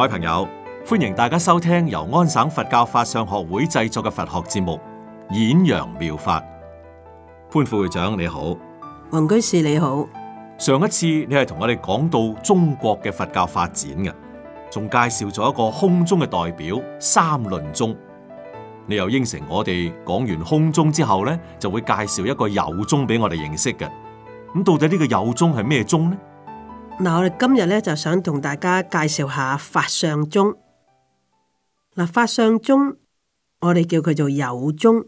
各位朋友，歡迎大家收聽由安省佛教法相學會製作嘅佛學節目《演揚妙，妙法》。潘副會長你好，黃居士你好。上一次你係同我哋講到中國嘅佛教發展嘅，仲介紹咗一個空中嘅代表三論宗。你又應承我哋講完空中之後呢，就會介紹一個有宗俾我哋認識嘅。咁到底呢個有宗係咩宗呢？嗱，我哋今日咧就想同大家介紹下法相宗。嗱，法相宗我哋叫佢做有宗。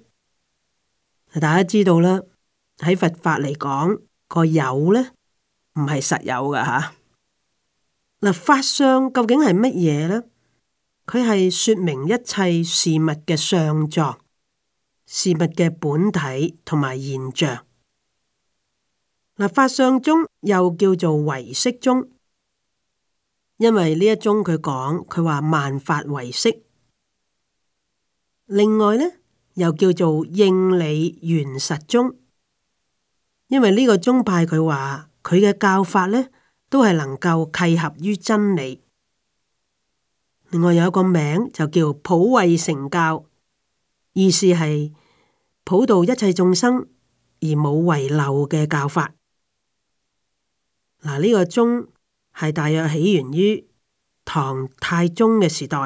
大家知道啦，喺佛法嚟講，個有咧唔係實有噶吓。嗱、啊，法相究竟係乜嘢呢？佢係說明一切事物嘅相狀，事物嘅本體同埋現象。法相宗又叫做唯識宗，因為呢一宗佢講，佢話萬法唯識。另外呢，又叫做應理圓實宗，因為呢個宗派佢話佢嘅教法呢，都係能夠契合於真理。另外有一個名就叫普惠成教，意思係普渡一切眾生而冇遺漏嘅教法。嗱，呢個宗係大約起源於唐太宗嘅時代，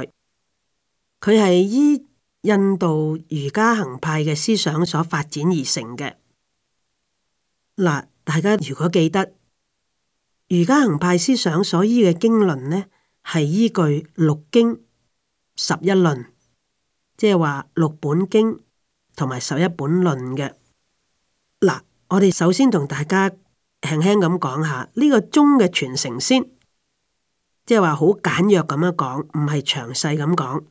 佢係依印度瑜伽行派嘅思想所發展而成嘅。嗱，大家如果記得瑜伽行派思想所依嘅經論呢，係依據六經十一論，即係話六本經同埋十一本論嘅。嗱，我哋首先同大家。輕輕咁講下呢個宗嘅傳承先，即係話好簡約咁樣講，唔係詳細咁講。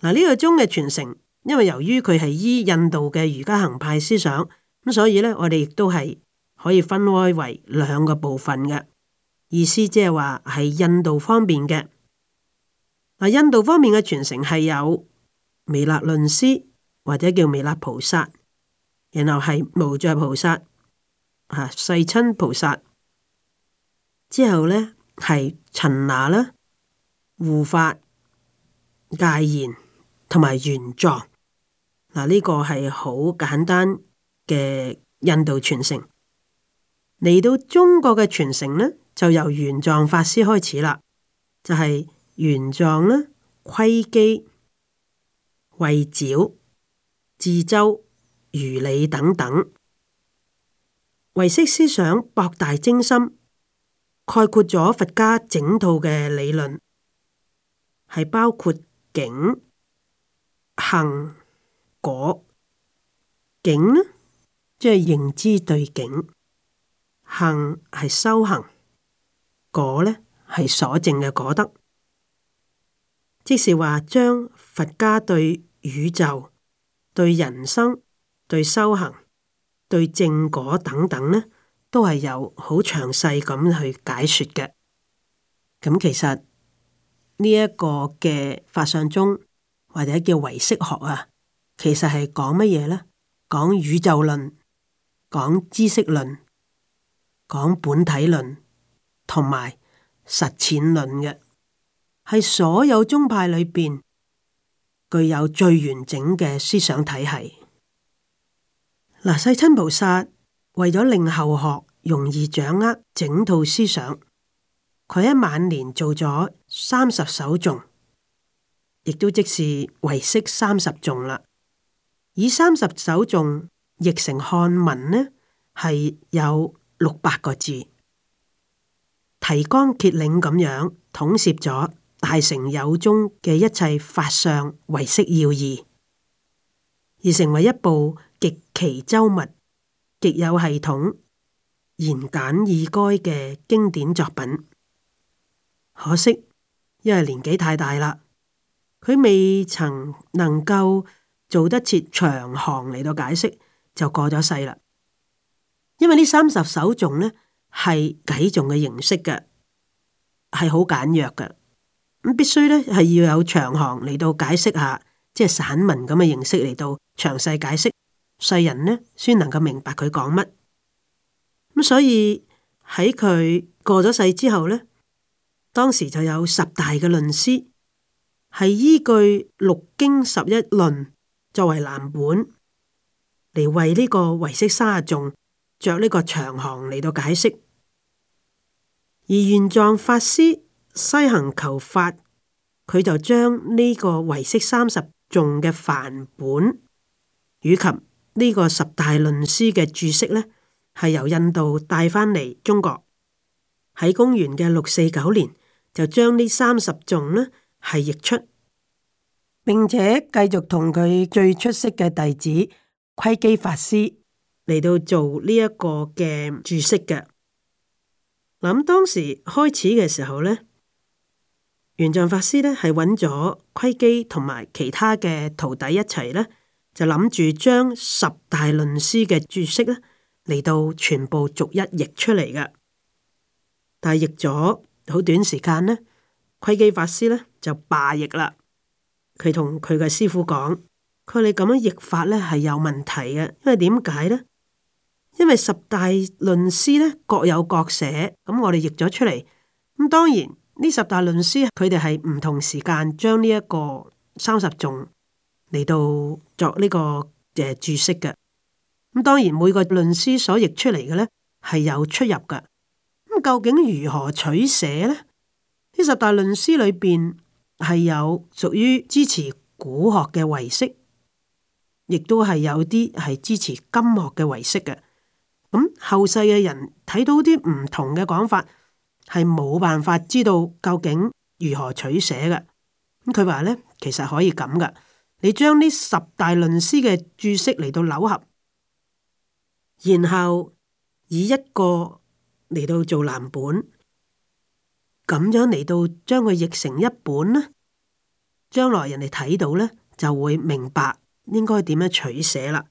嗱，呢個宗嘅傳承，因為由於佢係依印度嘅瑜伽行派思想，咁所以呢，我哋亦都係可以分開為兩個部分嘅意思，即係話係印度方面嘅。嗱，印度方面嘅傳承係有彌勒論師或者叫彌勒菩薩，然後係無著菩薩。啊！世親菩薩之後呢，係陳那啦、護法、戒賢同埋玄奘。嗱，呢、這個係好簡單嘅印度傳承。嚟到中國嘅傳承呢，就由玄奘法師開始啦，就係玄奘啦、窺基、慧沼、智周、如理等等。唯識思想博大精深，概括咗佛家整套嘅理論，係包括境、行、果、境呢，即、就、係、是、認知對境；行係修行，果呢係所證嘅果德，即是話將佛家對宇宙、對人生、對修行。對正果等等咧，都係有好詳細咁去解說嘅。咁其實呢一個這個嘅法相宗或者叫唯識學啊，其實係講乜嘢呢？講宇宙論、講知識論、講本體論同埋實踐論嘅，係所有宗派裏邊具有最完整嘅思想體系。嗱，世親菩薩為咗令後學容易掌握整套思想，佢喺晚年做咗三十首頌，亦都即是唯識三十頌啦。以三十首頌譯成漢文呢，係有六百個字，提綱挈領咁樣統攝咗大乘有宗嘅一切法相唯識要義，而成為一部。極其周密、極有系統、言簡意賅嘅經典作品。可惜，因為年紀太大啦，佢未曾能夠做得切長行嚟到解釋，就過咗世啦。因為呢三十首頌呢，係偈頌嘅形式嘅，係好簡約嘅。咁必須呢，係要有長行嚟到解釋下，即係散文咁嘅形式嚟到詳細解釋。世人呢，先能夠明白佢講乜。咁所以喺佢過咗世之後呢，當時就有十大嘅論師，係依據六經十一論作為藍本，嚟為呢個唯識三十頌着呢個長行嚟到解釋。而玄奘法師西行求法，佢就將呢個唯識三十頌嘅梵本，以及，呢個十大論師嘅註釋呢，係由印度帶翻嚟中國，喺公元嘅六四九年就將呢三十頌呢，係譯出，並且繼續同佢最出色嘅弟子窺基法師嚟到做呢一個嘅註釋嘅。咁當時開始嘅時候呢，玄奘法師呢，係揾咗窺基同埋其他嘅徒弟一齊呢。就諗住將十大論師嘅注釋咧嚟到全部逐一譯出嚟嘅，但係譯咗好短時間呢，窺基法師咧就罷譯啦。佢同佢嘅師傅講：佢話你咁樣譯法咧係有問題嘅，因為點解呢？因為十大論師咧各有各寫，咁我哋譯咗出嚟，咁當然呢十大論師佢哋係唔同時間將呢一個三十種嚟到作呢個誒註釋嘅，咁當然每個論師所譯出嚟嘅呢係有出入嘅。咁究竟如何取捨呢？呢十大論師裏邊係有屬於支持古學嘅遺識，亦都係有啲係支持今學嘅遺識嘅。咁、嗯、後世嘅人睇到啲唔同嘅講法，係冇辦法知道究竟如何取捨嘅。咁佢話呢，其實可以咁噶。你將呢十大論師嘅注釋嚟到扭合，然後以一個嚟到做藍本，咁樣嚟到將佢譯成一本咧，將來人哋睇到呢就會明白應該點樣取捨啦。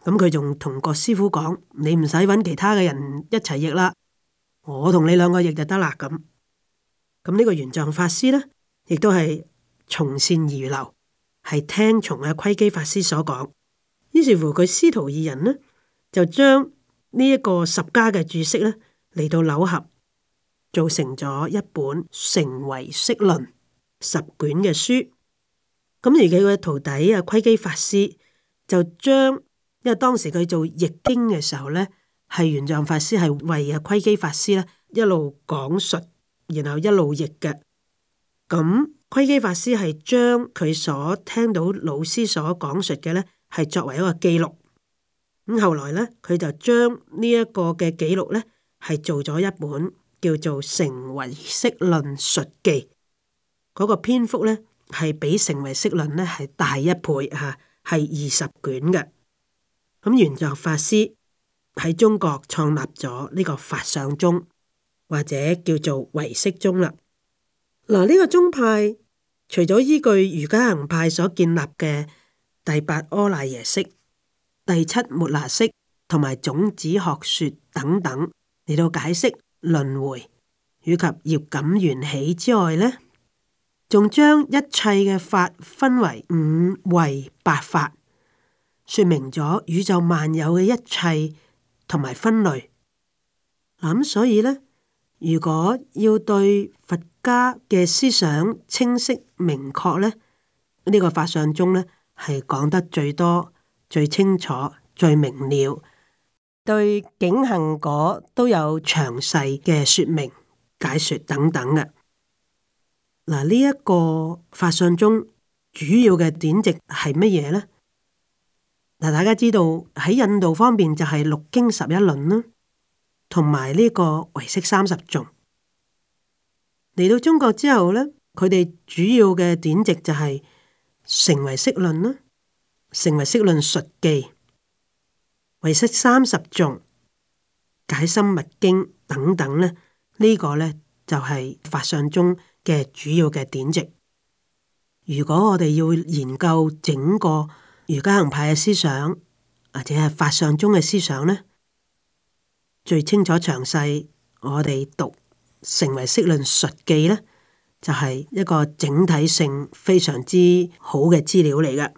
咁佢仲同郭師傅講：「你唔使搵其他嘅人一齊譯啦，我同你兩個譯就得啦。咁，咁、嗯、呢、這個玄奘法師呢，亦都係從善如流。係聽從阿窺基法師所講，於是乎佢師徒二人呢就將呢一個十家嘅注釋呢嚟到糅合，做成咗一本《成唯識論》十卷嘅書。咁而佢嘅徒弟阿、啊、窺基法師就將，因為當時佢做譯經嘅時候呢，係玄奘法師係為阿、啊、窺基法師呢一路講述，然後一路譯嘅，咁。窺基法師係將佢所聽到老師所講述嘅咧，係作為一個記錄。咁後來咧，佢就將呢一個嘅記錄咧，係做咗一本叫做《成唯識論述記》。嗰個篇幅咧，係比《成唯識論》咧係大一倍吓，係二十卷嘅。咁玄奘法師喺中國創立咗呢個法相宗，或者叫做唯識宗啦。嗱，呢個宗派。除咗依據瑜伽行派所建立嘅第八阿賴耶識、第七末那識同埋種子學說等等嚟到解釋輪回以及業感緣起之外呢，呢仲將一切嘅法分為五位百法，說明咗宇宙萬有嘅一切同埋分類。咁、嗯、所以呢。如果要對佛家嘅思想清晰明確咧，呢、這個法相宗咧係講得最多、最清楚、最明了，對境行果都有詳細嘅説明、解説等等嘅。嗱，呢一個法相宗主要嘅典籍係乜嘢呢？嗱，大家知道喺印度方面就係六經十一論啦。同埋呢個唯識三十頌嚟到中國之後呢，佢哋主要嘅典籍就係《成唯識論》啦，《成唯識論述記》、唯識三十頌、《解深密經》等等呢呢、呢個呢就係法相宗嘅主要嘅典籍。如果我哋要研究整個瑜伽行派嘅思想，或者係法相宗嘅思想呢。最清楚詳細，我哋讀成唯識論述記呢，就係、是、一個整體性非常之好嘅資料嚟嘅。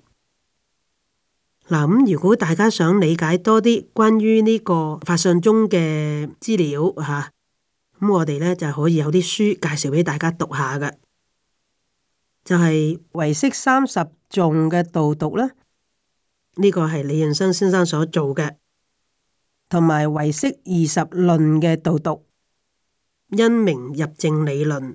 嗱咁，如果大家想理解多啲關於呢個法相宗嘅資料吓，咁、啊、我哋呢就可以有啲書介紹俾大家讀下嘅。就係、是、唯識三十頌嘅導讀啦，呢、這個係李潤生先生所做嘅。同埋唯識二十論嘅導讀、因明入正理論、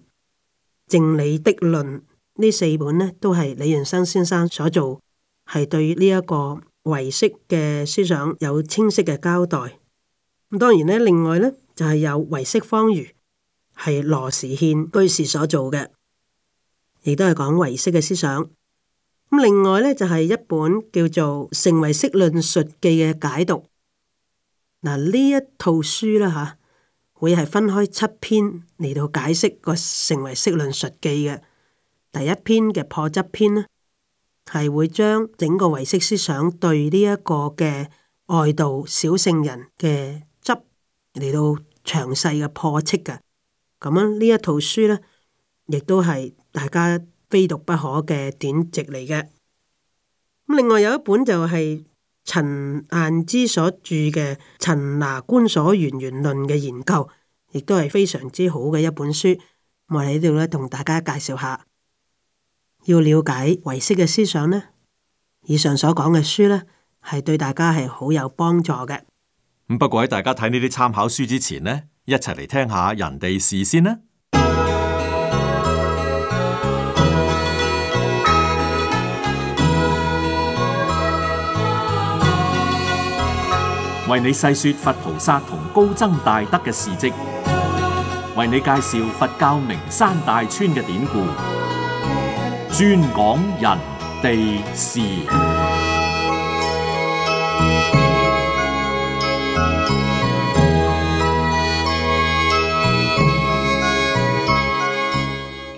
正理的論呢四本呢，都係李潤生先生所做，係對呢一個唯識嘅思想有清晰嘅交代。咁當然呢，另外呢就係有唯識方隅，係羅時憲居士所做嘅，亦都係講唯識嘅思想。咁另外呢就係一本叫做《成唯識論述記》嘅解讀。嗱，呢一套書啦吓，會係分開七篇嚟到解釋個成唯識論述記嘅第一篇嘅破執篇呢，係會將整個唯識思想對呢一個嘅外道小聖人嘅執嚟到詳細嘅破斥嘅。咁樣呢一套書呢，亦都係大家非讀不可嘅典籍嚟嘅。咁另外有一本就係、是，陳晏之所著嘅《陳那觀所緣緣論》嘅研究，亦都係非常之好嘅一本書，我哋喺度咧同大家介紹下。要了解唯識嘅思想呢，以上所講嘅書呢，係對大家係好有幫助嘅。咁不過喺大家睇呢啲參考書之前呢，一齊嚟聽下人哋事先啦。為你細說佛菩薩同高僧大德嘅事跡，為你介紹佛教名山大川嘅典故，專講人地事。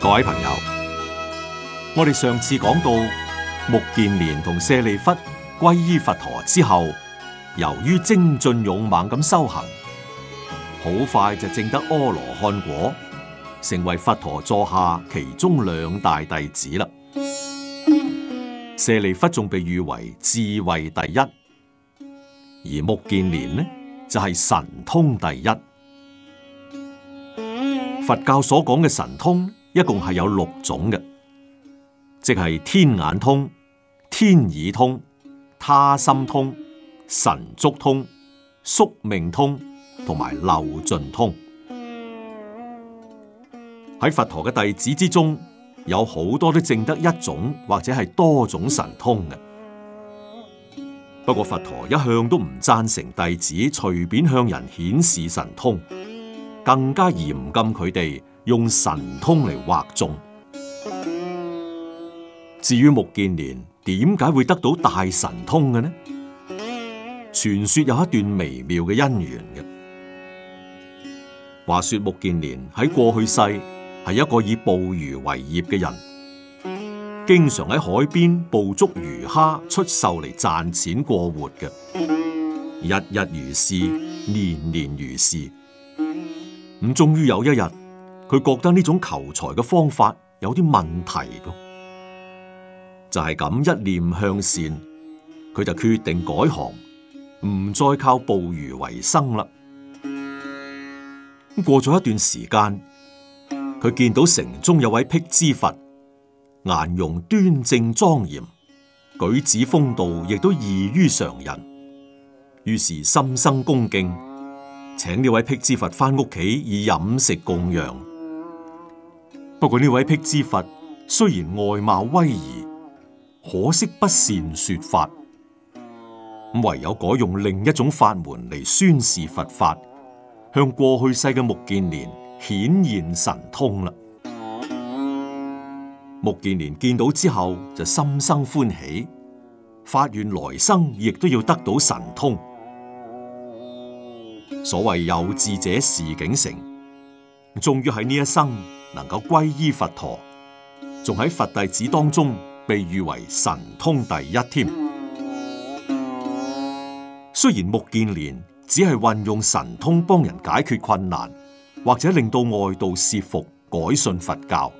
各位朋友，我哋上次講到目犍連同舍利弗皈依佛陀之後。由於精進勇猛咁修行，好快就正得阿羅漢果，成為佛陀座下其中兩大弟子啦。舍利弗仲被譽為智慧第一，而目犍連呢就係、是、神通第一。佛教所講嘅神通一共係有六種嘅，即係天眼通、天耳通、他心通、神足通、宿命通同埋漏盡通，喺佛陀嘅弟子之中，有好多都淨得一種或者係多種神通嘅。不過佛陀一向都唔贊成弟子隨便向人顯示神通，更加嚴禁佢哋用神通嚟惑眾。至於目犍連點解會得到大神通嘅呢？傳說有一段微妙嘅姻緣嘅。話說目犍連喺過去世係一個以捕魚為業嘅人，經常喺海邊捕捉魚蝦出售嚟賺錢過活嘅。日日如是，年年如是。咁終於有一日，佢覺得呢種求財嘅方法有啲問題，就係、是、咁一念向善，佢就決定改行。唔再靠捕魚為生啦。咁過咗一段時間，佢見到城中有位辟支佛，顏容端正莊嚴，舉止風度亦都異於常人，於是心生恭敬，請呢位辟支佛返屋企以飲食供養。不過呢位辟支佛雖然外貌威儀，可惜不善說法。唯有改用另一種法門嚟宣示佛法，向過去世嘅目犍連顯現神通啦。目犍連見到之後就心生歡喜，發願來生亦都要得到神通。所謂有志者事竟成，終於喺呢一生能夠皈依佛陀，仲喺佛弟子當中被譽為神通第一添。雖然目犍連只係運用神通幫人解決困難，或者令到外道懾服改信佛教，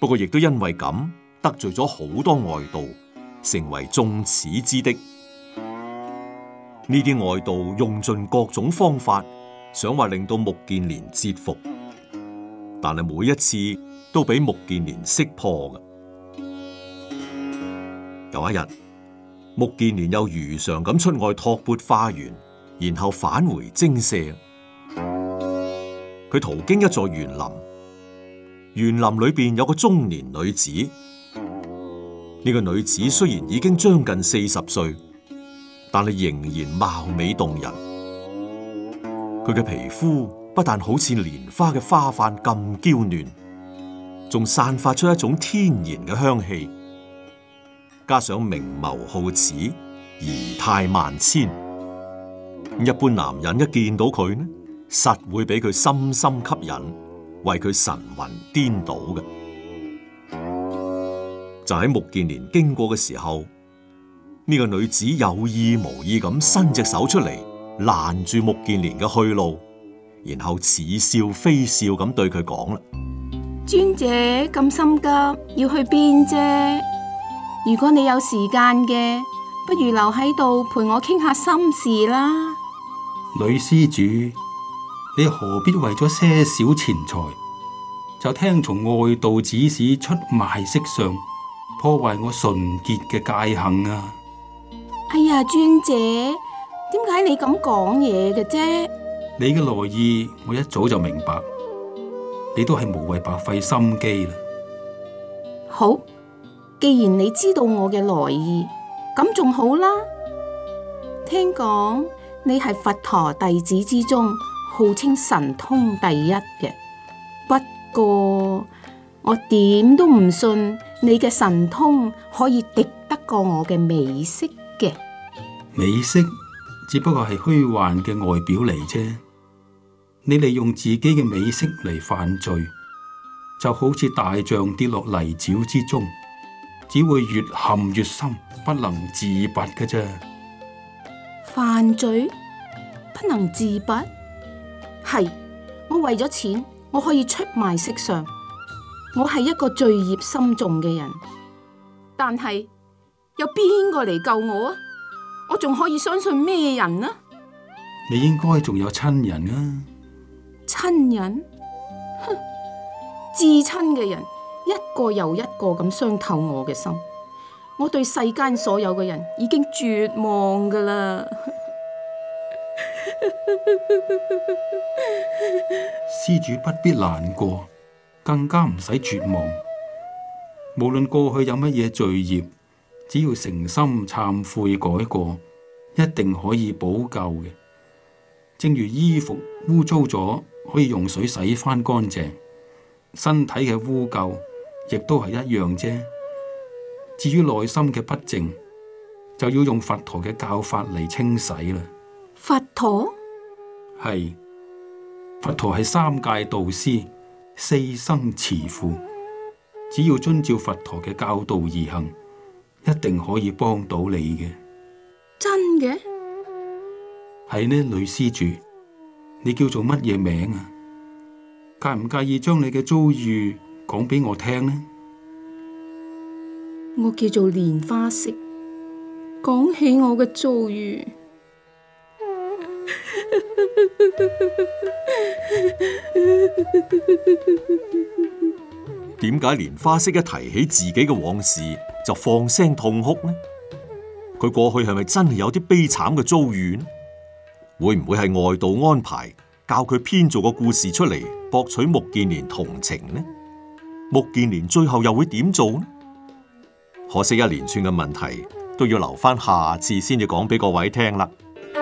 不過亦都因為咁得罪咗好多外道，成為眾矢之的。呢啲外道用盡各種方法，想話令到目犍連折服，但係每一次都俾目犍連識破嘅。有一日，目犍連又如常咁出外托缽化緣，然後返回精舍。佢途經一座園林，園林裏邊有個中年女子。呢、這個女子雖然已經將近四十歲，但係仍然貌美動人。佢嘅皮膚不但好似蓮花嘅花瓣咁嬌嫩，仲散發出一種天然嘅香氣。加上明眸皓齒、儀態萬千，一般男人一見到佢呢，實會俾佢深深吸引，為佢神魂顛倒嘅。 就喺目犍連經過嘅時候，呢 個女子有意無意咁伸隻手出嚟攔住目犍連嘅去路，然後似笑非笑咁對佢講啦，尊者咁心急要去邊啫？如果你有時間嘅，不如留喺度陪我傾下心事啦。女施主，你何必為咗些少錢財，就聽從外道指使出賣色相，破壞我純潔嘅戒行啊？哎呀，尊者，點解你咁講嘢嘅啫？你嘅來意，我一早就明白，你都係無謂白費心機啦。好。既然你知道我嘅來意，咁仲好啦。聽講你係佛陀弟子之中號稱神通第一嘅，不過我點都唔信你嘅神通可以敵得過我嘅美色嘅。美色只不過係虛幻嘅外表嚟啫。你利用自己嘅美色嚟犯罪，就好似大象跌落泥沼之中。只會越陷越深，不能自拔嘅啫。犯罪不能自拔，係我為咗錢，我可以出賣色相。我係一個罪孽深重嘅人，但係有邊個嚟救我啊？我仲可以相信咩人啊？你應該仲有親人啊！親人，哼，至親嘅人。一個又一個咁傷透我嘅心，我對世間所有嘅人已經絕望噶啦。施 主不必難過，更加唔使絕望。無論過去有乜嘢罪業，只要誠心懺悔改過，一定可以補救嘅。正如衣服污糟咗，可以用水洗翻乾淨，身體嘅污垢。亦都係一樣啫。至於內心嘅不淨，就要用佛陀嘅教法嚟清洗啦陀。佛陀係佛陀係三界導師，四生慈父。只要遵照佛陀嘅教導而行，一定可以幫到你嘅。真嘅的係呢，女施主，你叫做乜嘢名啊？介唔介意將你嘅遭遇？講俾我聽呢，我叫做蓮花色。講起我嘅遭遇。點解蓮花色一提起自己嘅往事就放聲痛哭呢？佢過去係咪真係有啲悲慘嘅遭遇呢？會唔會係外道安排教佢編造個故事出嚟博取目犍連同情呢？目犍連最後又會點做呢？可惜一連串嘅問題都要留翻下，下次先至講俾各位聽啦。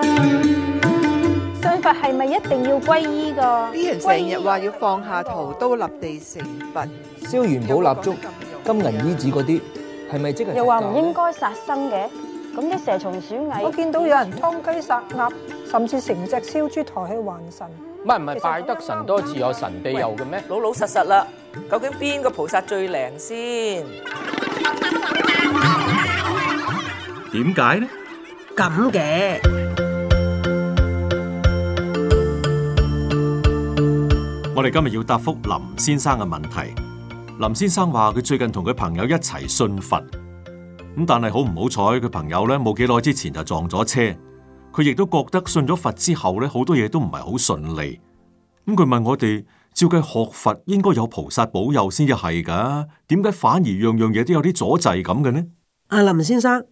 信佛係咪一定要皈依噶？啲人成日話要放下屠刀立地成佛，燒元寶蠟燭、金銀衣紙嗰啲，係咪即係？又話唔應該殺生嘅，咁啲蛇蟲鼠蟻，我見到有人劏雞殺鴨，甚至成隻燒豬抬去還神。唔係唔係，拜得神多自有神庇佑嘅咩？老老實實啦。究竟邊個菩薩最靈先？點解呢？咁嘅。我哋今日要答覆林先生嘅問題。林先生話佢最近同佢朋友一齊信佛，咁但係好唔好彩，佢朋友咧，冇幾耐之前就撞咗車。佢亦都覺得信咗佛之後咧，好多嘢都唔係好順利。咁佢問我哋。照計學佛應該有菩薩保佑先至係噶點解反而樣樣嘢都有啲阻滯咁嘅呢？阿林先生，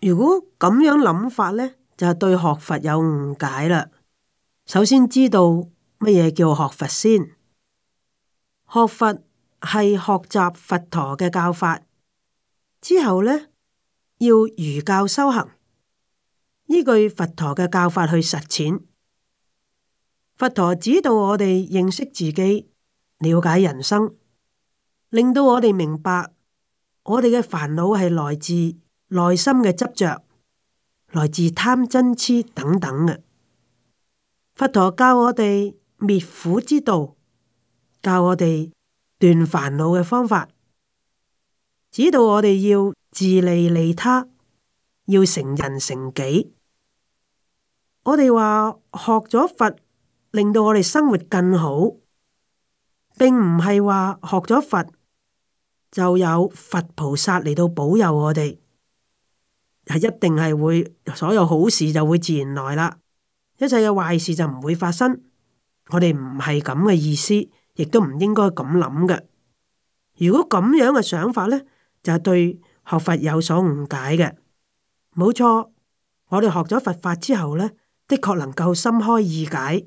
如果咁樣諗法呢，就係對學佛有誤解啦。首先知道乜嘢叫學佛先，學佛係學習佛陀嘅教法，之後呢，要如教修行，依據佛陀嘅教法去實踐。佛陀指導我哋認識自己、了解人生，令到我哋明白我哋嘅煩惱係來自內心嘅執着，來自貪嗔癡等等嘅。佛陀教我哋滅苦之道，教我哋斷煩惱嘅方法，指導我哋要自利利他，要成人成己。我哋話學咗佛。令到我哋生活更好，並唔係話學咗佛就有佛菩薩嚟到保佑我哋，係一定係會所有好事就會自然來啦，一切嘅壞事就唔會發生。我哋唔係咁嘅意思，亦都唔應該咁諗嘅。如果咁樣嘅想法呢，就係對學佛有所誤解嘅。冇錯，我哋學咗佛法之後呢，的確能夠心開意解。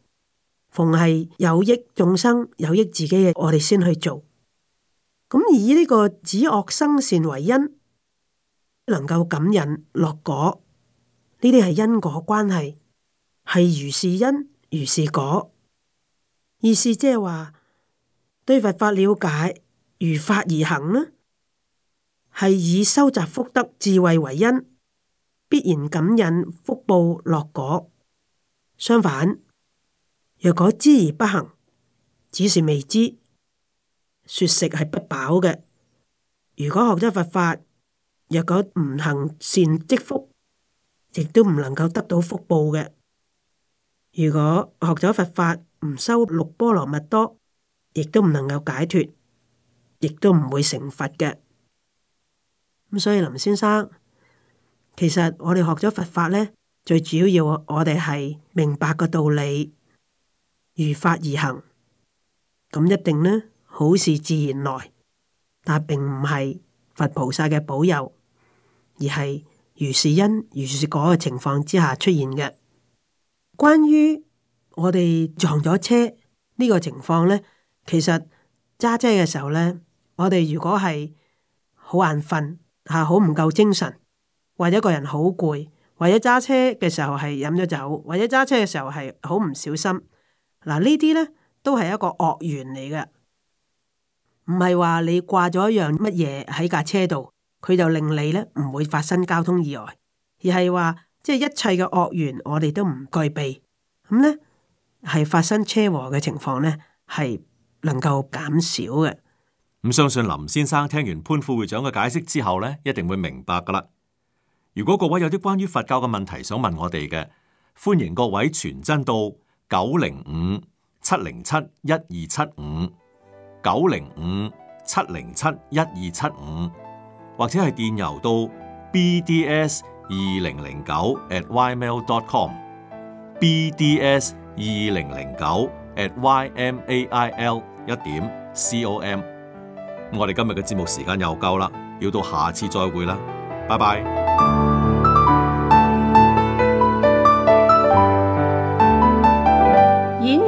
逢係有益眾生、有益自己嘅，我哋先去做。咁以呢個止惡生善為因，能夠感引樂果，呢啲係因果關係，係如是因如是果。意思即係話對佛法了解，如法而行呢係以收集福德智慧為因，必然感引福報樂果。相反。若果知而不行，只是未知，說食係不飽嘅。如果學咗佛法，若果唔行善積福，亦都唔能夠得到福報嘅。如果學咗佛法唔修六波羅蜜多，亦都唔能夠解脫，亦都唔會成佛嘅。咁所以林先生，其實我哋學咗佛法呢，最主要要我哋係明白個道理。如法而行，咁一定呢，好事自然來，但係並唔係佛菩薩嘅保佑，而係如是因如是果嘅情況之下出現嘅。關於我哋撞咗車呢個情況呢，其實揸車嘅時候呢，我哋如果係好眼瞓吓，好唔夠精神，或者一個人好攰，或者揸車嘅時候係飲咗酒，或者揸車嘅時候係好唔小心。嗱，呢啲咧都係一個惡緣嚟嘅唔係話你掛咗一樣乜嘢喺架車度，佢就令你咧唔會發生交通意外，而係話即係一切嘅惡緣，我哋都唔具備。咁咧係發生車禍嘅情況咧，係能夠減少嘅。咁相信林先生聽完潘副會長嘅解釋之後咧，一定會明白噶啦。如果各位有啲關於佛教嘅問題想問我哋嘅，歡迎各位傳真到。九零五七零七一二七五，九零五七零七一二七五，75, 75, 或者係電郵到 bds 二零零九 at ymail dot com，bds 二零零九 at ym a i l 一點 c o m。咁我哋今日嘅節目時間又夠啦，要到下次再會啦，拜拜。